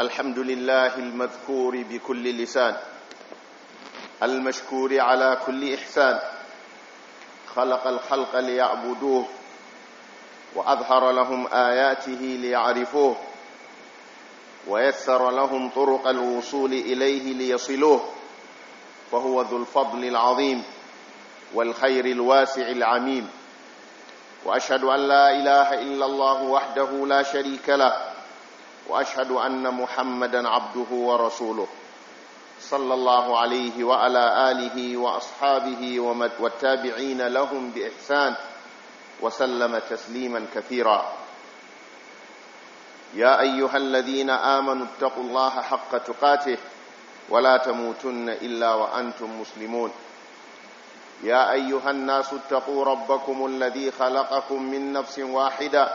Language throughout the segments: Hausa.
الحمد لله المذكور بكل لسان المشكور على كل إحسان خلق الخلق ليعبدوه وأظهر لهم آياته ليعرفوه ويسر لهم طرق الوصول إليه ليصلوه فهو ذو الفضل العظيم والخير الواسع العميم وأشهد أن لا إله إلا الله وحده لا شريك له واشهد ان محمدا عبده ورسوله صلى الله عليه وعلى اله واصحابه والتابعين لهم باحسان وسلم تسليما كثيرا يا ايها الذين امنوا اتقوا الله حق تقاته ولا تموتن الا وانتم مسلمون يا ايها الناس اتقوا ربكم الذي خلقكم من نفس واحده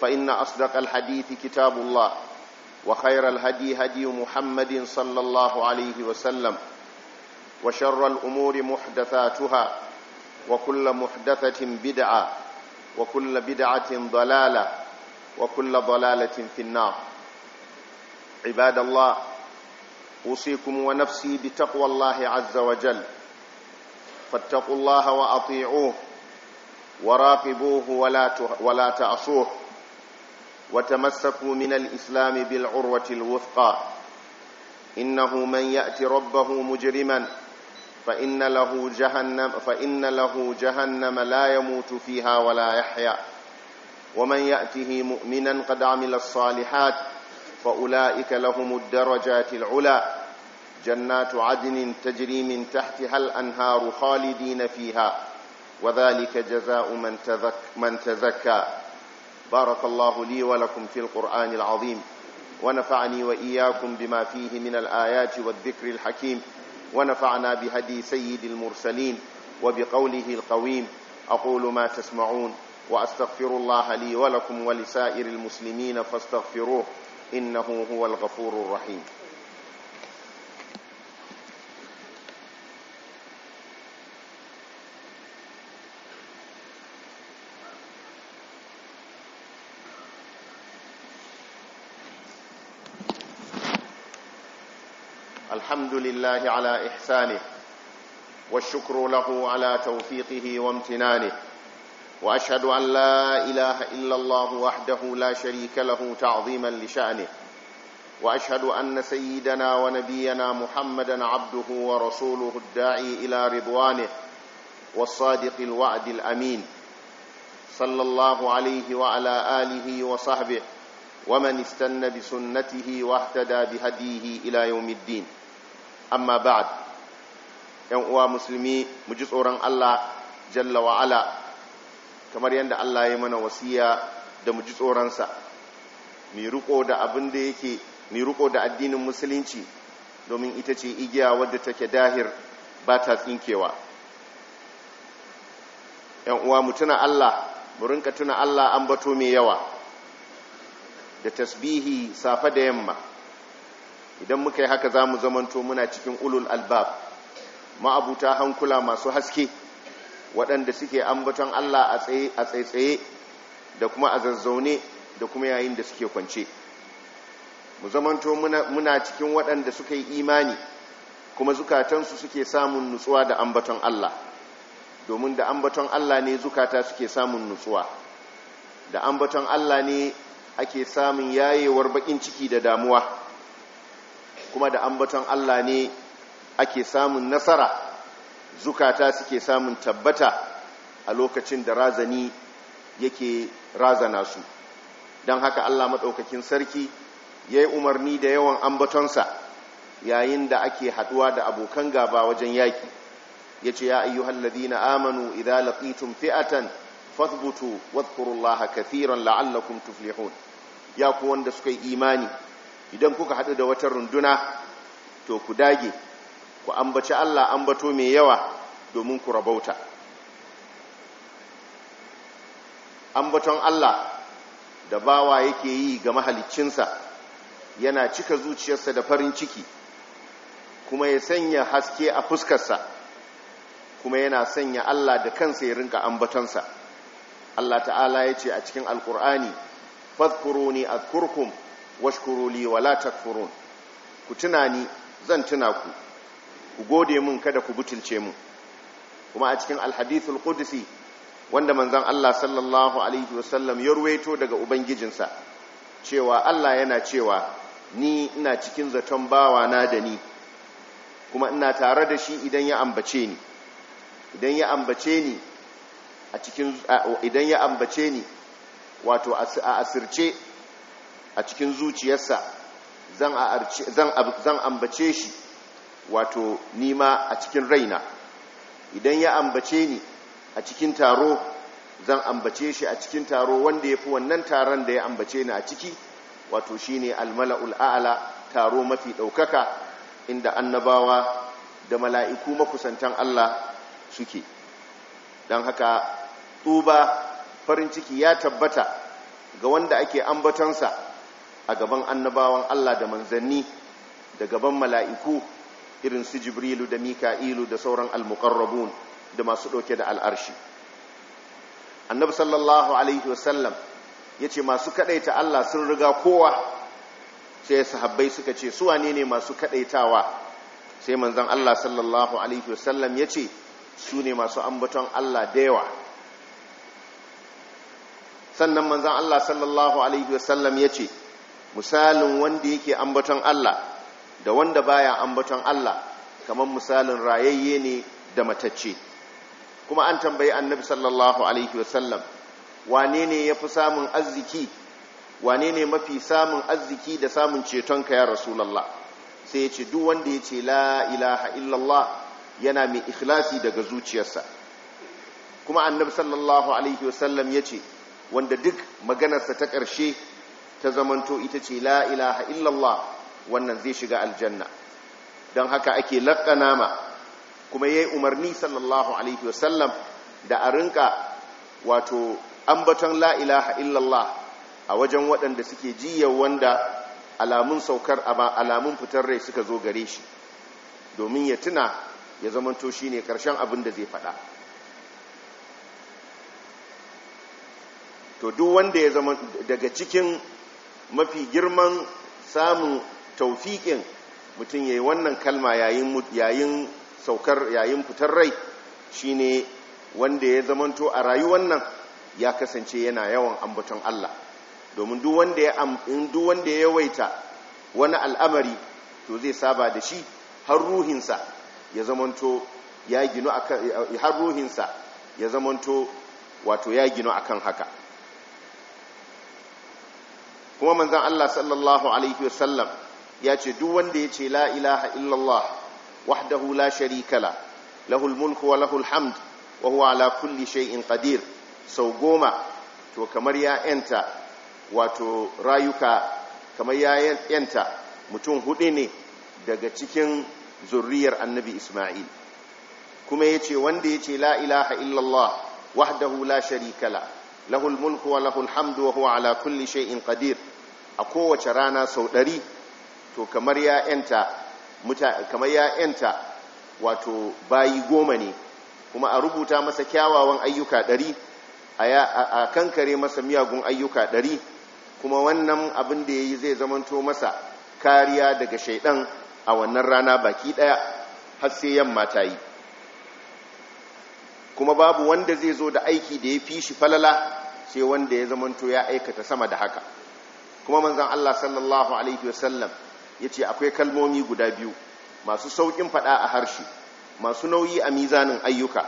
فإن أصدق الحديث كتاب الله وخير الهدي هدي محمد صلى الله عليه وسلم وشر الأمور محدثاتها وكل محدثة بدعة وكل بدعة ضلالة وكل ضلالة في النار عباد الله أوصيكم ونفسي بتقوى الله عز وجل فاتقوا الله وأطيعوه وراقبوه ولا ولا تعصوه وتمسكوا من الإسلام بالعروة الوثقى إنه من يأت ربه مجرما فإن له جهنم فإن له جهنم لا يموت فيها ولا يحيا ومن يأته مؤمنا قد عمل الصالحات فأولئك لهم الدرجات العلى جنات عدن تجري من تحتها الأنهار خالدين فيها وذلك جزاء من من تزكى بارك الله لي ولكم في القرآن العظيم ونفعني وإياكم بما فيه من الآيات والذكر الحكيم ونفعنا بهدي سيد المرسلين وبقوله القويم أقول ما تسمعون وأستغفر الله لي ولكم ولسائر المسلمين فاستغفروه إنه هو الغفور الرحيم الحمد لله على إحسانه والشكر له على توفيقه وامتنانه وأشهد أن لا إله إلا الله وحده لا شريك له تعظيما لشأنه وأشهد أن سيدنا ونبينا محمدا عبده ورسوله الداعي إلى رضوانه والصادق الوعد الأمين صلى الله عليه وعلى آله وصحبه ومن استن بسنته واهتدى بهديه إلى يوم الدين amma ba'ad yan uwa musulmi mu ji tsoron Allah jalla wa'ala, kamar yadda Allah ya mana wasiya da mu ji tsoronsa mai riko da abin da yake mai riko da addinin musulunci domin ita ce igiya wadda take dahir ba ta tsinkewa yan uwa mu tuna Allah mu rinka tuna Allah an bato mai yawa da tasbihi safe da yamma idan muka yi haka za mu zamanto muna cikin ulul albab ma'abuta hankula masu haske waɗanda suke ambaton Allah a tsaye-tsaye da kuma a zazzaune da kuma yayin da suke kwance mu zamanto muna cikin waɗanda suka yi imani kuma zukatansu suke samun nutsuwa da ambaton Allah domin da ambaton Allah ne zukata suke samun nutsuwa da ambaton Allah ne ake samun yayewar bakin ciki da damuwa kuma da ambaton Allah ne ake samun nasara zukata suke samun tabbata a lokacin da razani yake razana su don haka Allah maɗaukakin sarki ya yi umarni da yawan ambatonsa yayin da ake haɗuwa da abokan gaba wajen yaƙi ya ce ya ayyu hallabi na amanu idza laqitum fi'atan fathbutu wadhkurullaha kathiran la'allakum tuflihun ya ku wanda suka yi imani idan kuka haɗu da wata runduna to ku dage ku ambaci Allah ambato mai yawa domin ku rabauta ambaton Allah da bawa yake yi ga mahaliccinsa yana cika zuciyarsa da farin ciki kuma ya sanya haske a fuskarsa kuma yana sanya Allah da kansa ya rinka ambatonsa Allah ta'ala ya ce a cikin alkur'ani a kurkum. washkuruli wala takfurun ku tuna ni zan tuna ku ku gode mun kada ku butulce mu kuma a cikin alhadithul qudsi wanda manzon Allah sallallahu alaihi wasallam ya ruwaito daga ubangijinsa cewa Allah yana cewa ni ina cikin zaton bawa na da ni kuma ina tare da shi idan ya ambace ni idan ya ambace ni a cikin idan ya ambace ni wato a asirce a cikin zuciyarsa zan ambace shi wato nima a cikin raina idan ya ambace ni a cikin taro zan ambace shi a cikin taro wanda ya fi wannan taron da ya ambace ni a ciki wato shi ne almala'ul a'ala taro mafi ɗaukaka inda annabawa da mala'iku makusantan Allah suke don haka tuba farin ciki ya tabbata ga wanda ake ambatansa a gaban annabawan Allah da manzanni da gaban mala'iku irin su jibrilu da mika'ilu da sauran almukarrabun da masu ɗauke da al'arshi annabi sallallahu alaihi wasallam ya ce masu kaɗaita Allah sun riga kowa sai sahabbai suka ce suwa ne ne masu kaɗaitawa sai manzan Allah sallallahu alaihi wasallam ya ce su ne masu ambaton Allah da yawa sannan manzan Allah sallallahu alaihi wasallam ya ce misalin wanda yake ambaton Allah da wanda baya ambaton Allah kamar misalin rayayye ne da matacce kuma an tambayi annabi sallallahu alaihi wasallam wane ne ya fi samun arziki wane ne mafi samun arziki da samun cetonka ya rasulallah sai ya ce duk wanda ya ce la ilaha illallah yana mai ikhlasi daga zuciyarsa kuma annabi sallallahu alaihi wasallam ya ce wanda duk maganarsa ta ƙarshe ta zamanto ita ce la ilaha illallah wannan zai shiga aljanna don haka ake laƙana ma kuma yayi umarni sallallahu alaihi wasallam da a rinka wato ambaton la ilaha illallah a wajen waɗanda suke jiya wanda alamun saukar alamun fitar rai suka zo gare shi domin ya tuna ya zamanto shi ne ƙarshen abin da zai faɗa to duk wanda ya zama daga cikin mafi girman samun taufiƙin mutum ya yi wannan kalma yayin saukar yayin fitar rai shine wanda ya zamanto a rayuwar nan ya kasance yana yawan ambaton Allah domin duk wanda ya duk wanda ya yawaita wani al'amari to zai saba da shi har ruhinsa ya zamanto ya ginu akan har ruhinsa ya wato ya ginu akan haka kuma manzan Allah sallallahu alaihi wasallam ya ce duk wanda ya ce la ilaha illallah wahdahu la sharikala lahul mulku wa lahul hamd wa huwa ala kulli shay'in qadir sau goma to kamar ya yanta wato rayuka kamar ya yanta mutum hudu ne daga cikin zurriyar annabi Ismail kuma ya ce wanda ya ce la ilaha illallah wahdahu la sharikala lahul mulku wa lahul hamdu wa huwa ala kulli shay'in qadir a kowace rana sau ɗari to kamar ya ‘yanta wato bayi goma ne kuma a rubuta masa kyawawan ayyuka ɗari a kankare masa miyagun ayyuka ɗari kuma wannan abin da ya yi zai zamanto masa kariya daga shaidan a wannan rana baki ɗaya har sai yamma ta yi kuma babu wanda zai zo da aiki da ya fi shi falala sai wanda ya zamanto ya aikata sama da haka kuma manzan Allah sallallahu alaihi wasallam ya ce akwai kalmomi guda biyu masu sauƙin faɗa a harshe masu nauyi a mizanin ayyuka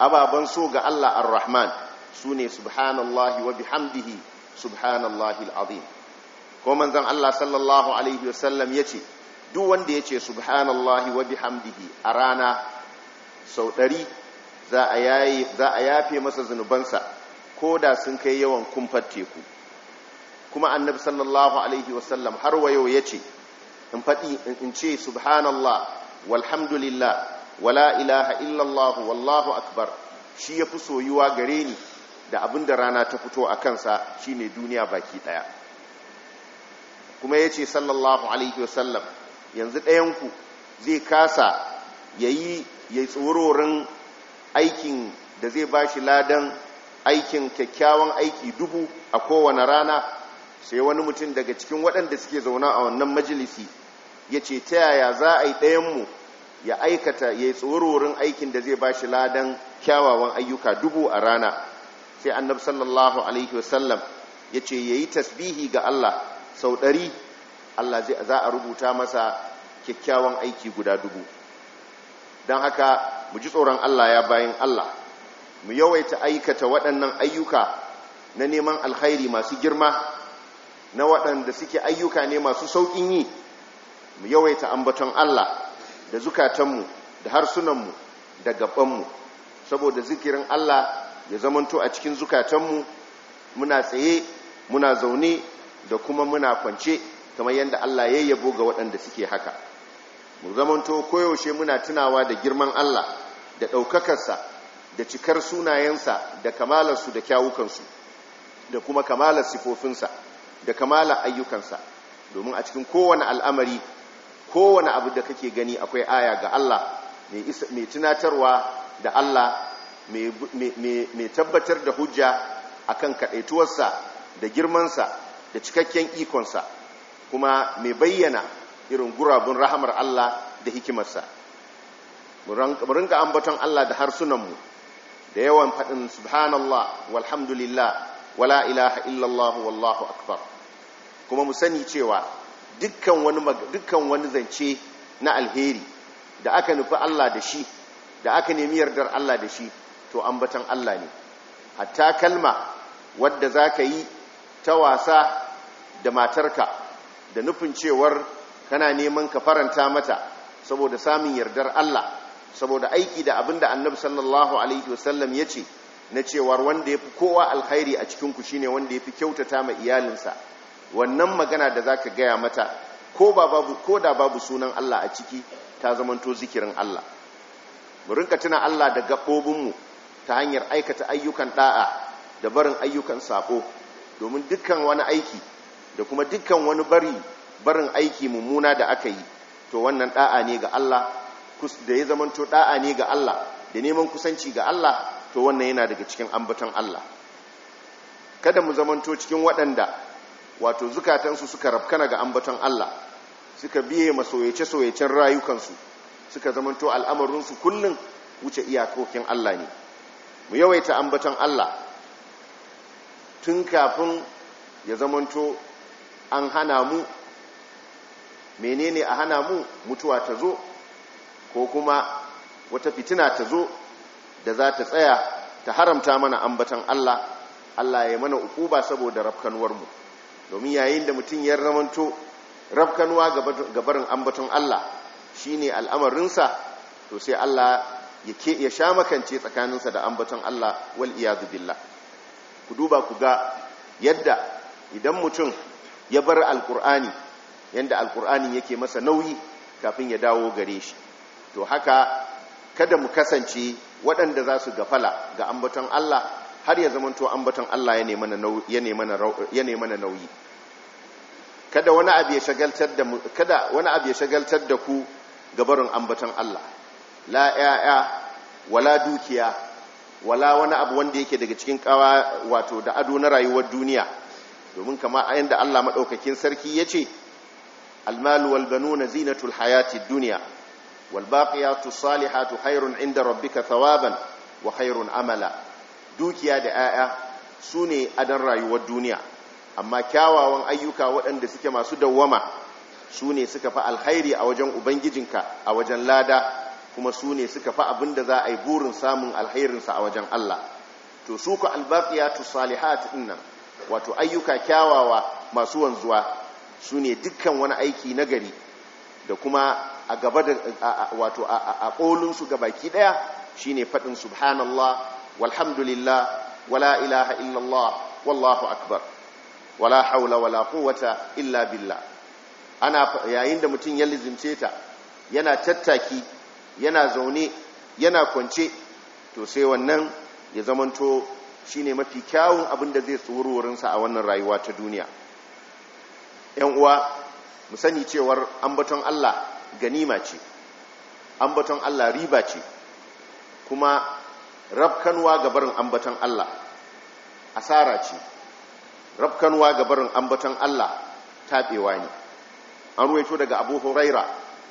ababen so ga Allah ar-Rahman su ne subhanallahi wa bihamdihi subhanallahi al'azim ko manzan Allah sallallahu alaihi wasallam ya ce duk wanda ya ce subhanallah wa bihamdihi a rana sau ɗari za a yafe masa zunubansa ko da sun kai yawan kumfar teku kuma annabi sallallahu alaihi wasallam har wayo ya ce in faɗi in ce subhanallah walhamdulillah wala ilaha illallah wallahu akbar shi ya fi soyuwa gare ni da abin da rana ta fito a kansa shine duniya baki ɗaya kuma ya ce sallallahu alaihi wasallam yanzu ɗayanku zai kasa ya yi ya tsororin aikin da zai ba shi ladan aikin kyakkyawan aiki dubu a kowane rana sai wani mutum daga cikin waɗanda suke zauna a wannan majalisi ya ce ta yaya za a yi ɗayanmu ya aikata ya yi tsororin aikin da zai ba shi ladan kyawawan ayyuka dubu a rana sai annab sallallahu alaihi wasallam ya ce ya yi tasbihi ga Allah sau ɗari Allah za a rubuta masa kyakkyawan aiki guda dubu don haka mu ji tsoron Allah ya bayan Allah mu yawaita aikata waɗannan ayyuka na neman alkhairi masu girma na waɗanda suke ayyuka ne masu sauƙin yi mu yawaita ambaton Allah da zukatanmu da harsunanmu da gabanmu saboda zikirin Allah ya zamanto a cikin zukatanmu muna tsaye muna zaune da kuma muna kwance kamar yadda Allah ya yabo ga waɗanda suke haka mu zamanto koyaushe muna tunawa da girman Allah da ɗaukakarsa da cikar sunayensa da kamalarsu da kyawukansu da kuma kamalar sifofinsa da kamala ayyukansa domin a cikin kowane al'amari kowane abu da kake gani akwai aya ga Allah mai tunatarwa da Allah mai tabbatar da hujja a kan kaɗaituwarsa da girmansa da cikakken ikonsa kuma mai bayyana irin gurabun rahamar Allah da hikimarsa mu ringa ambaton Allah da harsunanmu da yawan faɗin subhanallah walhamdulillah wala ilaha illallah wallahu akbar kuma mu sani cewa dukkan wani dukkan wani zance na alheri da aka nufi Allah da shi da aka nemi yardar Allah da shi to ambatan Allah ne hatta kalma wadda zaka yi ta wasa da matarka da nufin cewar kana neman ka faranta mata saboda samun yardar Allah saboda aiki da abinda annabi sallallahu alaihi wasallam ya ce na cewar wanda ya fi kowa alkhairi a cikinku shine wanda ya fi kyautata ma iyalinsa wannan magana da za ka gaya mata ko ba babu da babu sunan Allah a ciki ta zamanto zikirin Allah mu rinka tuna Allah da gabobin ta hanyar aikata ayyukan ɗa'a da barin ayyukan saƙo, domin dukkan wani aiki da kuma dukkan wani bari barin aiki mummuna da aka yi to wannan da'a ne ga Allah da ya zamanto ɗa'a ne ga Allah da neman kusanci ga Allah to wannan yana daga cikin ambaton Allah kada mu zamanto cikin waɗanda wato zukatansu suka rafkana ga ambaton Allah suka biye masoyace soyacen rayukansu suka zamanto al'amarinsu kullum wuce iyakokin Allah ne mu yawaita ambaton Allah tun kafin ya zamanto an hana mu menene a hana mu mutuwa ta zo ko kuma wata fitina ta zo da za ta tsaya ta haramta mana ambaton Allah Allah ya mana ba saboda rafkanuwar mu domin yayin da mutum ya ramanto rafkanuwa gabarin ambaton Allah shine al'amarinsa to sai Allah ya sha makance tsakaninsa da ambaton Allah wal zubilla ku duba ku ga yadda idan mutum ya bar alkur'ani yadda alkur'ani yake masa nauyi kafin ya dawo gare shi to haka kada mu kasance waɗanda za su gafala ga ambaton Allah har ya zamanto ambaton Allah ya ne mana nauyi kada wani abu ya shagaltar da kada wani abu ya shagaltar da ku gabarin ambaton Allah la ya'ya wala dukiya wala wani abu wanda yake daga cikin kawa wato da ado na rayuwar duniya domin kama ayin da Allah madaukakin sarki yace almalu wal banuna zinatul hayatid dunya wal baqiyatu salihatu khairun inda rabbika thawaban wa khairun amala dukiya da 'ya'ya su ne adon rayuwar duniya amma kyawawan ayyuka waɗanda suke masu dawwama su ne suka fi alhairi a wajen ubangijinka a wajen lada kuma su ne suka fi abin da za a yi burin samun alhairinsa a wajen Allah to su ku albaqiyatu salihat dinnan wato ayyuka kyawawa masu wanzuwa su ne dukkan wani aiki na gari da kuma a gaba da wato a kolinsu ga baki shi shine faɗin subhanallah walhamdulillah wala ilaha illallah wallahu akbar wala haula wala quwwata illa billa. ana yayin da mutum ya lizimce ta yana tattaki yana zaune yana kwance to sai wannan ya zamanto shine mafi kyawun abin da zai tsururinsa a wannan rayuwa ta duniya ‘yan uwa mu sani cewar ambaton Allah ganima ce ambaton Allah riba ce kuma Rabkanwa ga barin ambatan Allah asara ce rafkanwa ga barin ambatan Allah taɓewa ne an ruwaito daga Abu Huraira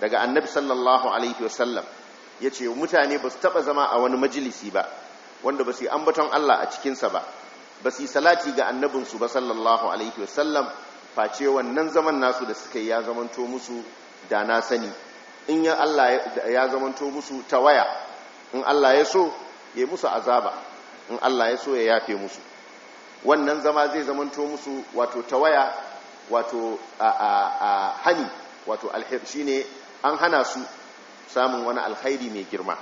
daga Annabi sallallahu alaihi wasallam yace mutane ba su taba zama a wani majalisi ba wanda ba su yi ambatan Allah a cikinsa ba ba su yi salati ga annabinsu ba sallallahu alaihi wasallam face wannan zaman nasu da suka yi ya zamanto musu da na sani in ya Allah ya zamanto musu ta waya in Allah ya so ya musu azaba in Allah ya so ya yafe musu wannan zama zai zamanto musu wato tawaya wato a hani wato alheri shine an hana su samun wani alhaidi mai girma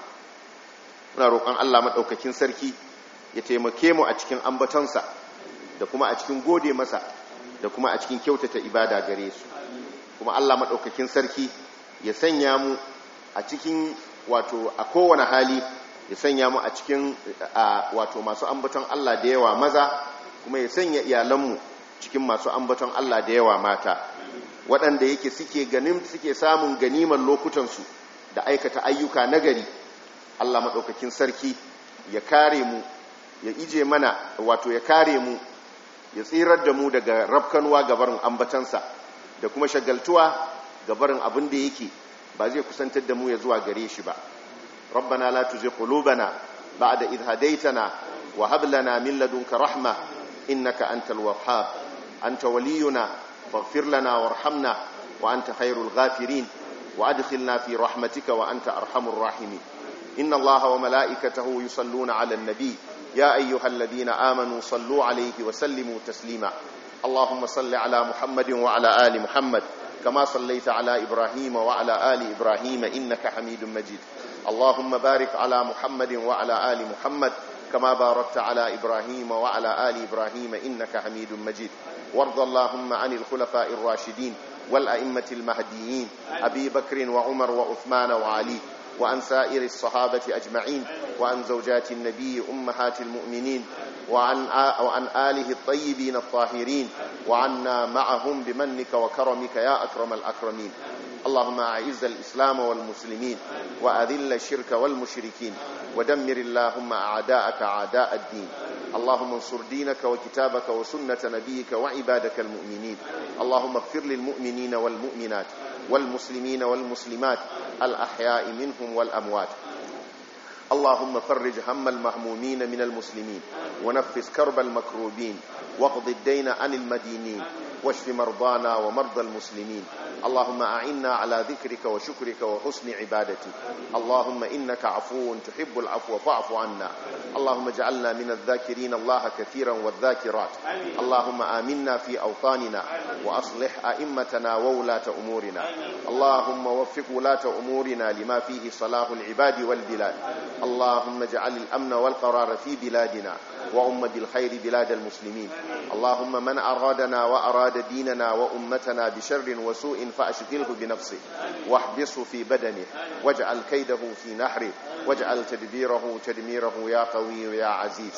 muna roƙon Allah maɗaukakin sarki ya taimake mu a cikin ambatonsa da kuma a cikin gode masa da kuma a cikin kyautata ibada gare su kuma Allah maɗaukakin sarki ya sanya mu a cikin wato a kowane hali ya sanya mu a cikin wato masu ambaton Allah da yawa maza kuma ya sanya iyalanmu cikin masu ambaton Allah da yawa mata waɗanda yake suke ganin suke samun ganiman lokutansu da aikata ayyuka nagari Allah maɗaukakin sarki ya kare mu ya ije mana wato ya kare mu ya tsirar da mu daga rafkanuwa gabarin ambatansa da kuma shagaltuwa gabarin abin da yake ba zai kusantar da mu ya zuwa gare shi ba ربنا لا تزغ قلوبنا بعد إذ هديتنا وهب لنا من لدنك رحمة إنك أنت الوهاب أنت ولينا فاغفر لنا وارحمنا وأنت خير الغافرين وأدخلنا في رحمتك وأنت أرحم الراحمين إن الله وملائكته يصلون على النبي يا أيها الذين آمنوا صلوا عليه وسلموا تسليما اللهم صل على محمد وعلى آل محمد كما صليت على إبراهيم وعلى آل إبراهيم إنك حميد مجيد اللهم بارك على محمد وعلى آل محمد كما باركت على إبراهيم وعلى آل إبراهيم إنك حميد مجيد وارض اللهم عن الخلفاء الراشدين والأئمة المهديين أبي بكر وعمر وعثمان وعلي وعن سائر الصحابة أجمعين وعن زوجات النبي أمهات المؤمنين وعن, وعن آله الطيبين الطاهرين وعنا معهم بمنك وكرمك يا أكرم الأكرمين اللهم أعز الإسلام والمسلمين وأذل الشرك والمشركين ودمر اللهم أعداءك أعداء الدين اللهم انصر دينك وكتابك وسنة نبيك وعبادك المؤمنين اللهم اغفر للمؤمنين والمؤمنات والمسلمين والمسلمات الأحياء منهم والأموات اللهم فرج هم المهمومين من المسلمين ونفس كرب المكروبين واقض الدين عن المدينين واشف مرضانا ومرضى المسلمين اللهم أعنا على ذكرك وشكرك وحسن عبادتك اللهم إنك عفو تحب العفو فاعف عنا اللهم اجعلنا من الذاكرين الله كثيرا والذاكرات اللهم آمنا في أوطاننا وأصلح أئمتنا وولاة أمورنا اللهم وفق ولاة أمورنا لما فيه صلاح العباد والبلاد اللهم اجعل الأمن والقرار في بلادنا وأم بالخير بلاد المسلمين اللهم من أرادنا وأراد وأراد ديننا وأمتنا بشر وسوء فأشغله بنفسه واحبسه في بدنه واجعل كيده في نحره واجعل تدبيره تدميره يا قوي يا عزيز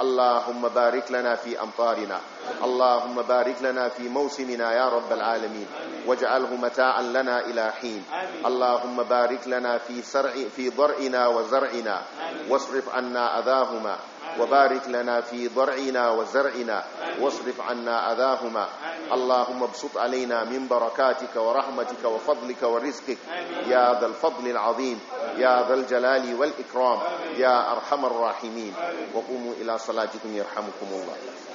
اللهم بارك لنا في أمطارنا اللهم بارك لنا في موسمنا يا رب العالمين واجعله متاعا لنا إلى حين اللهم بارك لنا في, سرع في ضرعنا وزرعنا واصرف عنا أذاهما وبارك لنا في ضرعنا وزرعنا واصرف عنا أذاهما اللهم ابسط علينا من بركاتك ورحمتك وفضلك ورزقك يا ذا الفضل العظيم يا ذا الجلال والإكرام يا أرحم الراحمين وقوموا إلى صلاتكم يرحمكم الله